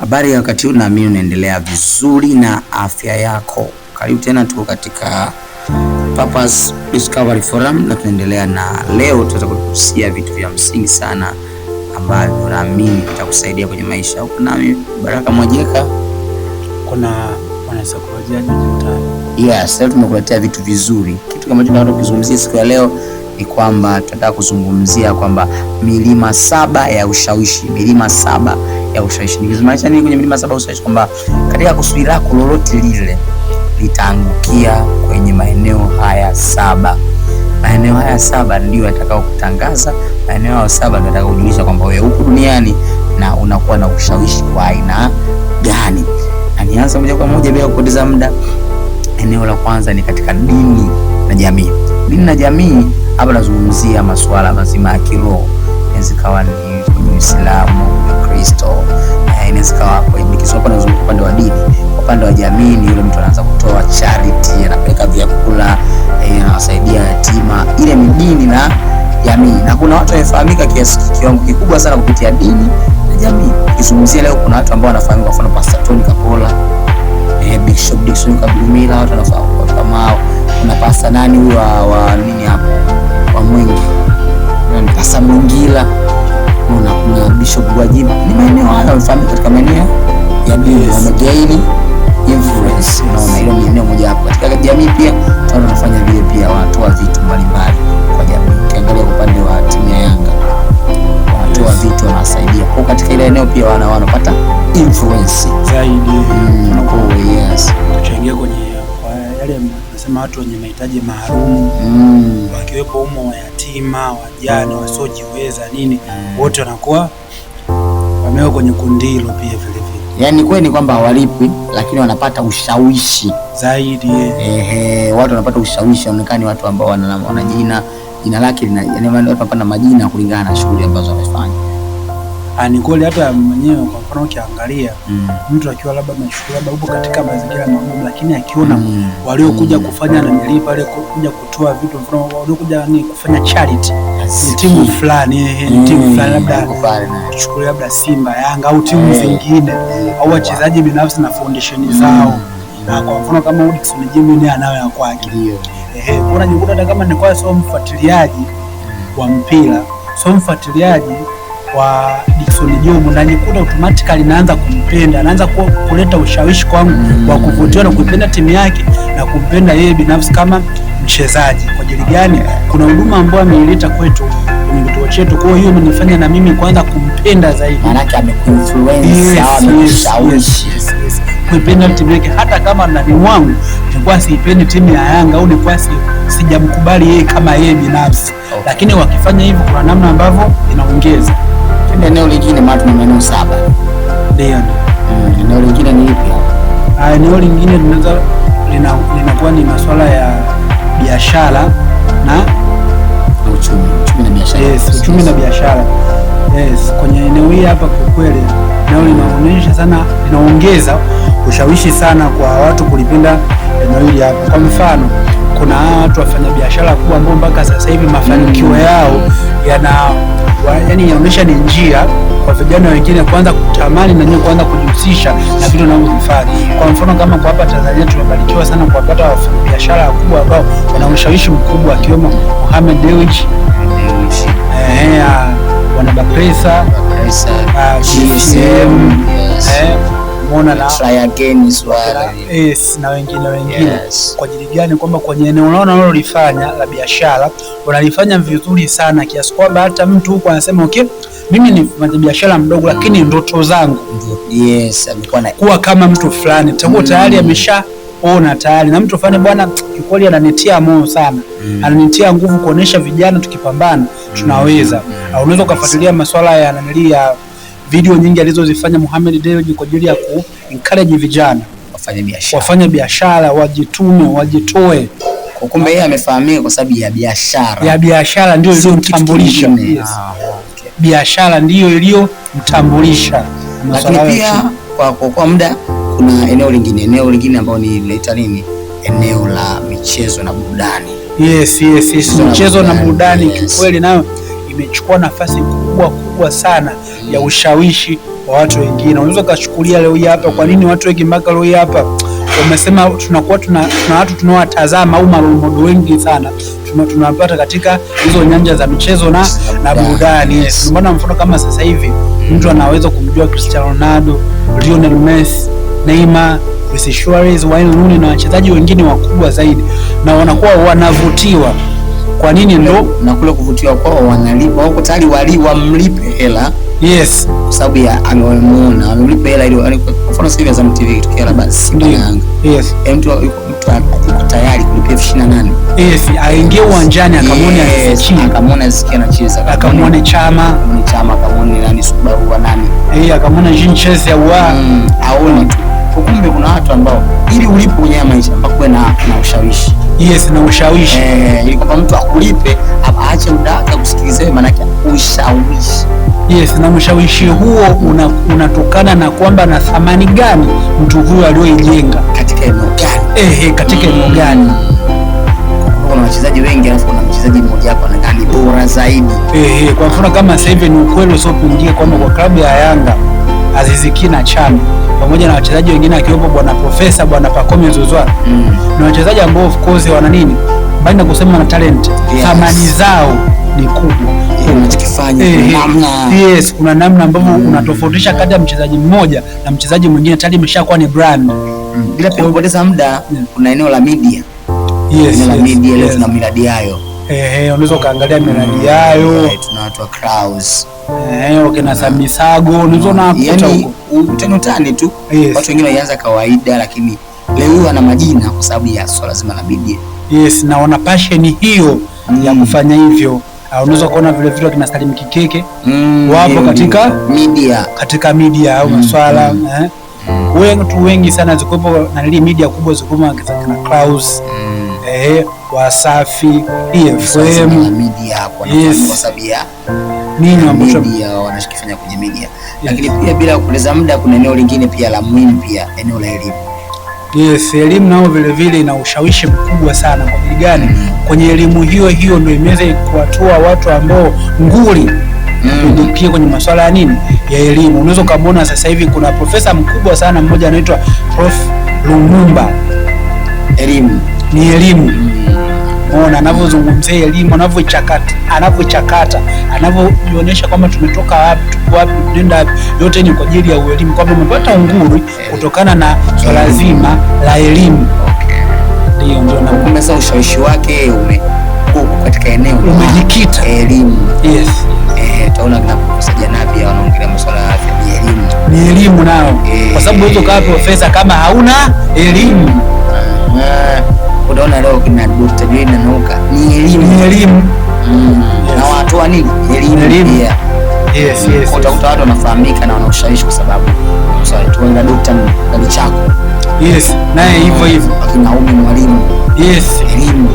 Habari ya wakati huu, naamini unaendelea vizuri na afya yako. Karibu tena, tuko katika Purpose Discovery Forum na tunaendelea na leo, tutakuhusia vitu vya msingi sana ambavyo naamini vitakusaidia kwenye maisha. Huko nami Baraka Mwajeka, kuna wanasaikolojia yes, leo tumekuletea vitu vizuri. Kitu ambacho tunataka kuzungumzia siku ya leo ni kwamba tunataka kuzungumzia kwamba milima saba ya ushawishi, milima saba ya ushawishi. Nikizungumzia nini kwenye milima saba ushawishi? Kwamba katika kusudi lako lolote lile litaangukia kwenye maeneo haya saba. Maeneo haya saba ndio yatakao kutangaza, maeneo haya saba ndio yatakao kujulisha kwamba wewe upo duniani na unakuwa na ushawishi wa aina gani. Na nianza moja kwa moja bila kupoteza muda. Eneo la kwanza ni katika dini na jamii. Dini na jamii, hapa nazungumzia masuala mazima ya kiroho, zikawa ni kwenye Uislamu Kikristo eh, inaweza yaani kawa kuibikizwa. Hapa nazungumza upande wa dini. Upande wa jamii ni yule mtu anaanza kutoa charity, anapeleka vyakula eh, anawasaidia yatima. Ile ni dini na jamii, na kuna watu wamefahamika kiasi kiwango kikubwa sana kupitia dini na jamii. Kizungumzia leo, kuna watu ambao wanafahamika, kwa mfano Pastor Tony Kapola eh, Bishop Dickson Kabumila, watu wanafahamika kama hao. Kuna pasta nani wa, wa nini hapo wa mwingi, pasta Mwingila kuna kuna Bishop Gwajima, ni maeneo haya yamefahamika katika maeneo ya dini Magaini influence, unaona hilo ni eneo moja hapo katika jamii. Pia tunafanya vile pia watu wa vitu mbalimbali kwa jamii, ukiangalia upande wa timu ya Yanga watu wa vitu wanasaidia kwa katika ile eneo pia wana wanapata influence zaidi, mm, kwa oh, yes kuchangia kwenye uh, yale ya wanasema watu wenye mahitaji maalum mm. wakiwepo umo wayatima, wajane, mm. wasiojiweza nini, mm. wote wanakuwa wamewekwa kwenye kundi hilo pia vile vile. Yaani kweli ni kwamba hawalipwi, lakini wanapata ushawishi zaidi. Ehe, watu wanapata ushawishi, waonekani watu ambao wana jina jina lake, yaani watu wanapata majina kulingana na shughuli ambazo wamefanya. Ah, ni kweli hata mwenyewe kwa mfano ukiangalia mm. mtu akiwa labda amechukua labda upo katika mazingira magumu, lakini akiona mm. waliokuja mm. kufanya na nanilii pale kuja kutoa vitu, mfano waliokuja ni kufanya charity ni timu fulani mm. timu fulani labda tuchukulia labda Simba, Yanga au timu hey. Eh. zingine au wachezaji binafsi na foundation mm. zao mm. na kwa mfano kama Dickson Jimmy anayo ya kwake, ehe, unajikuta hata kama nilikuwa sio mfuatiliaji wa mpira, sio mfuatiliaji kwa Dickson Jomo na nikuta automatically naanza kumpenda, naanza kuleta ushawishi kwangu wa kuvutiwa na kuipenda timu yake na kumpenda yeye binafsi kama mchezaji. Kwa ajili gani? Kuna huduma ambayo ameileta kwetu kwenye kituo chetu, kwa hiyo imenifanya na mimi kwanza kumpenda zaidi, maanake amekuinfluence au amekushawishi kuipenda timu yake. Hata kama ndani mwangu nilikuwa siipendi timu ya Yanga au nilikuwa sijamkubali yeye kama yeye binafsi, lakini wakifanya hivyo, kuna namna ambavyo inaongeza lakini eneo lingine maana tuna maeneo saba. Ndio. Mm, eneo lingine ni ipi? Ah, eneo lingine tunaweza linakuwa ni masuala ya biashara na uchumi, uchumi na biashara. Yes, uchumi na biashara. Yes, kwenye eneo hili hapa kwa kweli nao linaonyesha sana, linaongeza ushawishi sana kwa watu kulipenda eneo hili hapa. Kwa mfano, kuna watu wafanya biashara kubwa ambao mpaka sasa hivi mafanikio hmm. yao yana yani inaonyesha ni njia kwa vijana wengine kuanza kutamani na nyinyi kuanza kujihusisha na vitu navyovifanya. Kwa mfano kama kwa hapa Tanzania tumebarikiwa sana kuwapata wafanyabiashara wakubwa ambao wana ushawishi mkubwa akiwemo Mohamed Dewji Wanaba Presa, GSM yes, na wengine wengine yes. Kwa ajili gani? Kwamba kwenye eneo lao nalolifanya la biashara unalifanya vizuri sana kiasi kwamba hata mtu huko anasema okay, mimi ni mfanya biashara mdogo, lakini ndoto zangu yes, kuwa kama mtu fulani takuwa mm. tayari amesha ona tayari na mtu fulani bwana, kikweli ananitia moyo sana mm. ananitia nguvu kuonesha vijana tukipambana mm. tunaweza. Mm. Unaweza ukafuatilia masuala ya nanilia, video nyingi alizozifanya Mohamed Dewji kwa ajili ya ku encourage vijana wafanye biashara, wafanye biashara, wajitume, wajitoe. Kumbe yeye amefahamika kwa sababu ya biashara, ya biashara ndio iliyomtambulisha. Yes. Ah, okay. Biashara ndiyo iliyomtambulisha, lakini pia kwa, kwa, kwa muda kuna eneo lingine, eneo lingine ambao ni linaita nini, eneo la michezo na burudani. Yes, yes, yes. Michezo na burudani, yes. Kiukweli nayo imechukua nafasi kubwa kubwa sana ya ushawishi wa watu wengine. Unaweza ukachukulia leo hapa, kwa nini watu wengi mpaka leo hapa wamesema tunakuwa tuna, tuna watu tunaowatazama au marumodo wengi sana tunapata katika hizo nyanja za michezo na na burudani. Yes. Mbona mfano kama sasa hivi mm. mtu anaweza kumjua Cristiano Ronaldo, Lionel Messi, Neymar, Luis Suarez, Wayne Rooney na wachezaji wengine wakubwa zaidi na wanakuwa wanavutiwa kwa nini? Ndo na kule kuvutiwa kwao wanalipa, wako tayari wali wamlipe hela Yes. Kwa sababu ya amemuona, amemlipa hela ile. Kwa mfano sasa hivi Azam TV kitokea labda Simba na Yanga. Yes. Eh, mtu yuko tayari kulipa elfu ishirini na nane. Yes, aingie uwanjani akamwone Aziziki, akamwone Aziziki anacheza, akamwone Chama, akamwone Chama, akamwone nani Subaru wa nani. Eh, akamwone Jean Cheze au mm, aone Kumbe kuna watu ambao ili ulipe kwenye maisha mpaka na na ushawishi. Yes, na ushawishi. Eh, ili kwamba mtu akulipe aache muda akakusikilize kumshawishi. Yes, na mshawishi huo unatokana una na kwamba na thamani gani mtu huyo aliyoijenga katika eneo gani? Ehe, katika eneo gani? Kuna wachezaji wengi alafu kuna mchezaji mmoja hapo gani bora zaidi. Ehe, kwa mfano kama sasa hivi ni ukweli usiopindikia kwamba kwa klabu ya Yanga Aziz Ki na chama pamoja na wachezaji wengine akiwepo bwana Profesa, bwana Pacome Zouzoua mm. ni wachezaji ambao of course wana nini mbali na kusema na talent yes. thamani zao ni kubwa yeah, eh, eh. yes, kuna namna ambavyo mm. unatofautisha kati ya mchezaji mmoja na mchezaji mwingine tayari imeshakuwa ni brand mm. bila kupoteza muda kuna eneo la media yes, eneo la media leo tuna miradi yayo Eh, eh unaweza ukaangalia mm. miradi yayo tuna watu wa crowds eh, okay na mm. Samisago unaweza mm. unakuta yaani, huko utani utani tu watu wengine wanaanza kawaida lakini leo huyu ana majina kwa sababu ya swala zima la Biblia. Yes, na wana passion hiyo mm. ya kufanya hivyo. uh, Unaweza kuona vile vile kina Salim Kikeke mm, wapo mm, katika media, katika media au mm, maswala mm, eh. Mm. Watu wengi sana zikopo na ile media kubwa zikopo kina Klaus mm. eh, Wasafi, EFM na media kwa yes. kwa sababu ya nini ambacho wanashikifanya kwenye media. yes. Lakini pia bila kupoteza muda kuna eneo lingine pia la muhimu pia eneo la elimu. Yes, elimu nao vilevile ina ushawishi mkubwa sana. Kwa ajili gani? Kwenye elimu hiyo hiyo ndio imeweza kuwatua watu ambao nguli mm. kwenye masuala ya nini ya elimu. Unaweza ukamwona sasa hivi kuna profesa mkubwa sana mmoja anaitwa Prof Lumumba. Elimu ni elimu mm. Unaona anavyozungumzia elimu, anavyochakata, anavyochakata, anavyoonyesha kwamba tumetoka wapi, tuko wapi, tunaenda wapi, yote ni kwa ajili ya uelimu, kwamba umepata unguri kutokana na swala zima la elimu. Ndio, ndio, na kumeza ushawishi wake ume katika eneo umejikita elimu. Yes. Eh, tunaona kuna sajana pia wanaongelea masuala ya afya, ni elimu. Ni elimu nao. Kwa sababu eh. huwezi kuwa profesa kama hauna elimu. Ah, ah. Utaona leo kina Dr. Joy na Nuka ni elimu, ni elimu mm. na watu wa nini elimu, elimu. Yes, Yes, yes, utakuta watu wanafahamika na wanaushawishi kwa sababu tuenda dokta ndani chako yes, naye hivyo mm. hivyo akinaumi mwalimu yes, elimu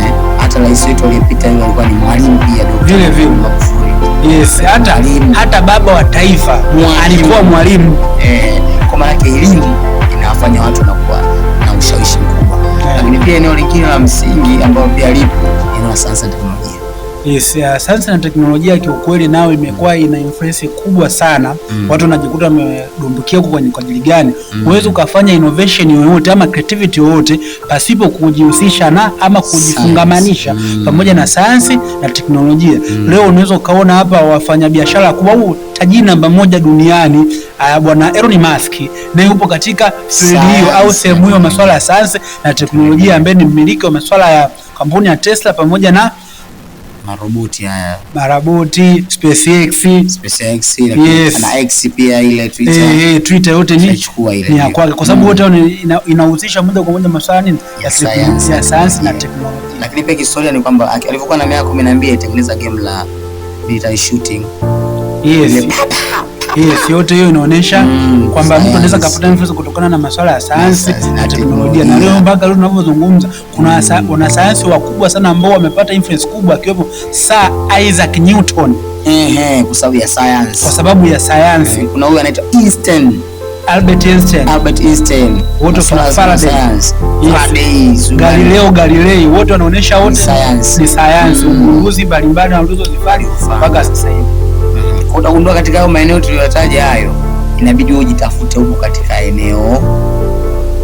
eh? hata rais wetu aliyepita yule alikuwa ni mwalimu pia dokta vile vile Magufuli yes, hata hata baba wa taifa alikuwa mwalimu eh, kwa maana elimu inawafanya watu na kuwa na ushawishi mkubwa. Lakini pia eneo lingine la msingi ambao pia lipo eneo la Sunset Mall yes, uh, sayansi na teknolojia kiukweli nao imekuwa ina influence kubwa sana mm. Watu wanajikuta wamedumbukia huko kwenye kwa ajili gani? Mm. Huwezi mm. ukafanya innovation yoyote ama creativity yoyote pasipo kujihusisha na ama kujifungamanisha mm. pamoja na sayansi na teknolojia mm. Leo unaweza ukaona hapa wafanyabiashara kubwa au tajiri namba moja duniani uh, bwana Elon Musk naye yupo katika field hiyo au sehemu hiyo, masuala ya sayansi na teknolojia, ambaye ni mmiliki wa masuala ya kampuni ya Tesla pamoja na maroboti haya, maroboti SpaceX, SpaceX yes. na X pia ile Twitter eh, eh, Twitter yote ni ni ya kwake kwa sababu wote mm. inahusisha moja kwa moja masuala ni ya science, ya science na technology. Lakini pia historia ni kwamba alivyokuwa na miaka 12 alitengeneza game la military shooting yes Yes, yote hiyo inaonyesha mm, kwamba mtu anaweza kupata influence kutokana na masuala ya sayansi na teknolojia, na leo mpaka leo tunavyozungumza kuna wanasayansi wakubwa sana ambao wamepata influence kubwa, akiwepo Sir Isaac Newton ehe, kwa sababu ya sayansi, kwa sababu ya sayansi. Kuna huyu anaitwa Einstein Albert Einstein, Albert Einstein, wote kuna Faraday, Faraday. Galileo Galilei, wote wanaonesha wote ni sayansi, mm. uguluzi mbalimbali na mpaka sasa hivi. Utagundua katika hayo maeneo tuliyotaja hayo, inabidi ujitafute huko katika eneo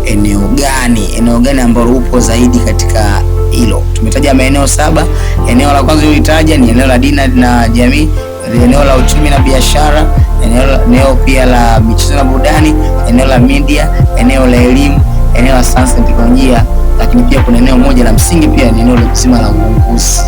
eneo gani, eneo gani ambalo upo zaidi katika hilo. Tumetaja maeneo saba. Eneo la kwanza ulitaja ni eneo la dini na jamii, eneo la uchumi na biashara, eneo, eneo pia la michezo na burudani, eneo la media, eneo la elimu, eneo la sayansi na teknolojia, lakini pia kuna eneo moja la msingi pia ni eneo zima la uongozi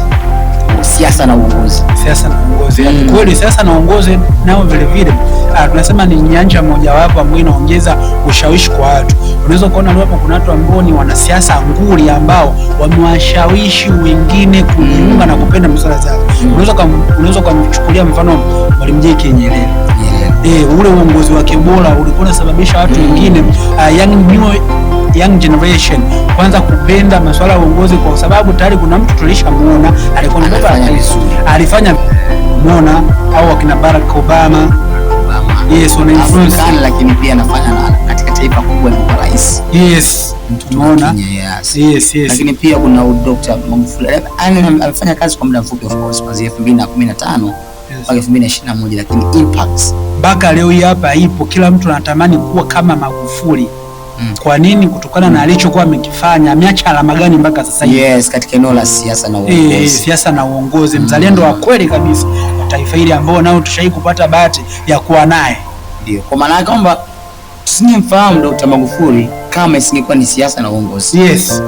siasa na uongozi. Siasa na uongozi. Mm. Kweli siasa na uongozi nao vile vile ah, tunasema ni nyanja mojawapo ambayo inaongeza ushawishi kwa watu. Unaweza kuona leo hapo kuna watu ambao ni wanasiasa nguli ambao wamewashawishi wengine kujiunga mm. na kupenda masuala zao. Unaweza unaweza kumchukulia mfano Mwalimu J.K. Nyerere. Eh, ule uongozi wake bora ulikuwa unasababisha watu wengine mm. uh, ah, yani niwe young generation kwanza kupenda masuala ya uongozi, kwa sababu tayari kuna mtu tulishamuona alikuwa ni baba alifanya muona, au akina Barack Obama, Obama. Yes, wana influence lakini pia anafanya katika taifa kubwa la rais. Yes. Tumeona. Yes, yes, yes. Lakini pia kuna Dr. Magufuli. Yaani, alifanya kazi kwa muda mfupi of course kuanzia 2015 mpaka 2021 lakini impacts mpaka leo hii hapa ipo, kila mtu anatamani kuwa kama Magufuli mm. Kwa nini? Kutokana na alichokuwa amekifanya, ameacha alama gani mpaka sasa hivi? Yes, katika eneo la siasa na eh, uongozi e, siasa na uongozi, mm. mzalendo wa kweli kabisa kwa taifa hili ambao nao tushahidi kupata bahati ya kuwa naye, ndio kwa maana kwamba tusingemfahamu Dr. Magufuli kama isingekuwa ni siasa na uongozi. Yes,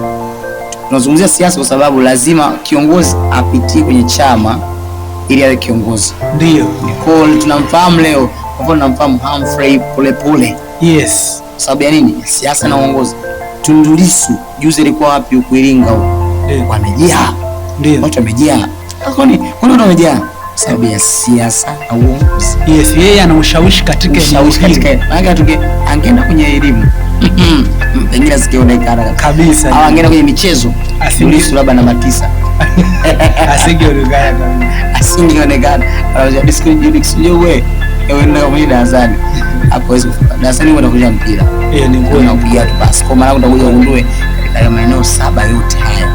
tunazungumzia siasa kwa sababu lazima kiongozi apitie kwenye chama ili awe kiongozi. Ndio tunamfahamu leo, kwa mfano tunamfahamu Humphrey Polepole. Yes kwa sababu ya nini? Siasa na uongozi. Tundu Lissu juzi alikuwa wapi huko Iringa huko? Wamejaa. Ndio. Watu wamejaa. Kwa nini? watu nini wamejaa? Sababu ya siasa na uongozi. Yes, yeye ana ushawishi katika ushawishi katika Maana tuke angeenda kwenye elimu. Pengine asikeonekana kabisa. Au angeenda kwenye michezo. Asingisu labda namba tisa. Asingeonekana. Asingeonekana. Asingeonekana. Asingeonekana. Asingeonekana. Asingeonekana. Asingeonekana. Asingeonekana hakuwezi kufika darasani, utakuja mpira eh, unapiga tu basi. Kwa maana utakuja ugundue katika maeneo saba yote haya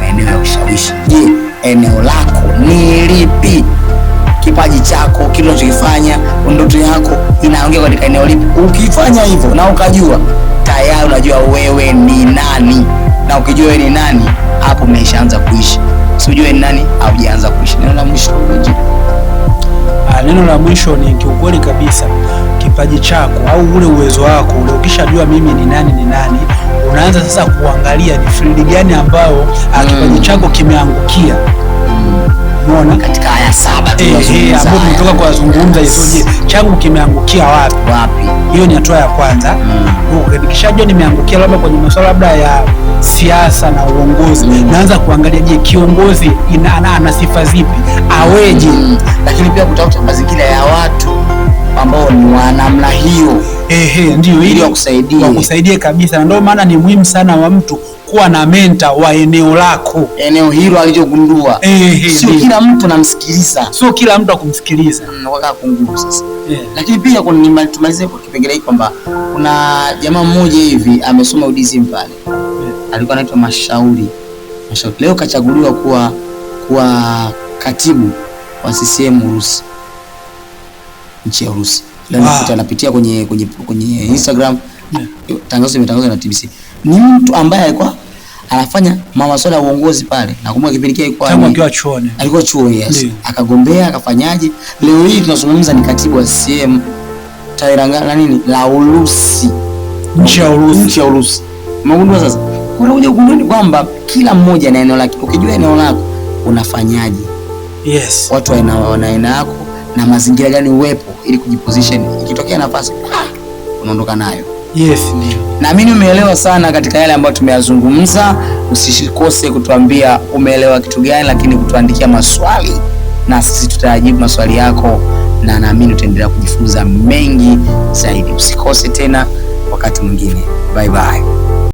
maeneo ya ushawishi. Je, eneo lako ni lipi? Kipaji chako kile unachokifanya, ndoto yako inaongea katika eneo lipi? Ukifanya hivyo na ukajua tayari, unajua wewe ni nani, na ukijua wewe ni nani, hapo umeshaanza kuishi. Usijue ni nani, haujaanza kuishi. Neno la mwisho, ah, neno la mwisho ni kiukweli kabisa kipaji chako au ule uwezo wako ule, ukishajua mimi ni nani ni nani, unaanza sasa kuangalia ni field gani ambayo ah, mm. kipaji chako kimeangukia Umeona katika haya saba eh, eh, tunazungumza, tumetoka kuyazungumza hizo. Je, changu kimeangukia wapi wapi? Hiyo ni hatua ya kwanza. mm. Nikishajua nimeangukia labda kwenye masuala labda ya siasa na uongozi mm. naanza kuangalia, je, kiongozi ana sifa zipi, aweje? mm. lakini pia kutafuta mazingira ya ni wa namna hiyo, ehe, ndio ili wakusaidie, wakusaidie kabisa. Ndio maana ni muhimu sana wa mtu kuwa na menta wa eneo lako, eneo hilo alichogundua. Sio kila mtu namsikiliza, sio kila mtu akumsikiliza mm, kungumu sasa. Eh. Lakini pia tumalize kwa kipengele hiki kwamba kuna jamaa mmoja hivi amesoma udizi pale, eh. alikuwa anaitwa Mashauri. Mashauri leo kachaguliwa kuwa kuwa katibu wa CCM Urusi, nchi ya Urusi leo yaani napita ah. napitia kwenye kwenye kwenye Instagram yeah. Tangazo limetangazwa na TBC. Ni mtu ambaye alikuwa anafanya masuala ya uongozi pale. Nakumbuka kipindi kile alikuwa alikuwa chuoni. Alikuwa chuo yes. Yeah. Akagombea, akafanyaje? Leo hii tunazungumza ni katibu wa CCM Tairanga na nini? La Urusi. Nchi ya Urusi. Nchi ya Urusi. Magundua sasa. kuna kuja kugundua kwamba kila mmoja na eneo lake. Ukijua eneo lako unafanyaje? Yes. Watu wana aina yako na mazingira gani uwepo ili kujiposition, ikitokea nafasi ah, unaondoka nayo. Yes, ndio. Naamini umeelewa sana katika yale ambayo tumeyazungumza. Usikose kutuambia umeelewa kitu gani, lakini kutuandikia maswali na sisi tutayajibu maswali yako, na naamini utaendelea kujifunza mengi zaidi. Usikose tena wakati mwingine. Bye bye.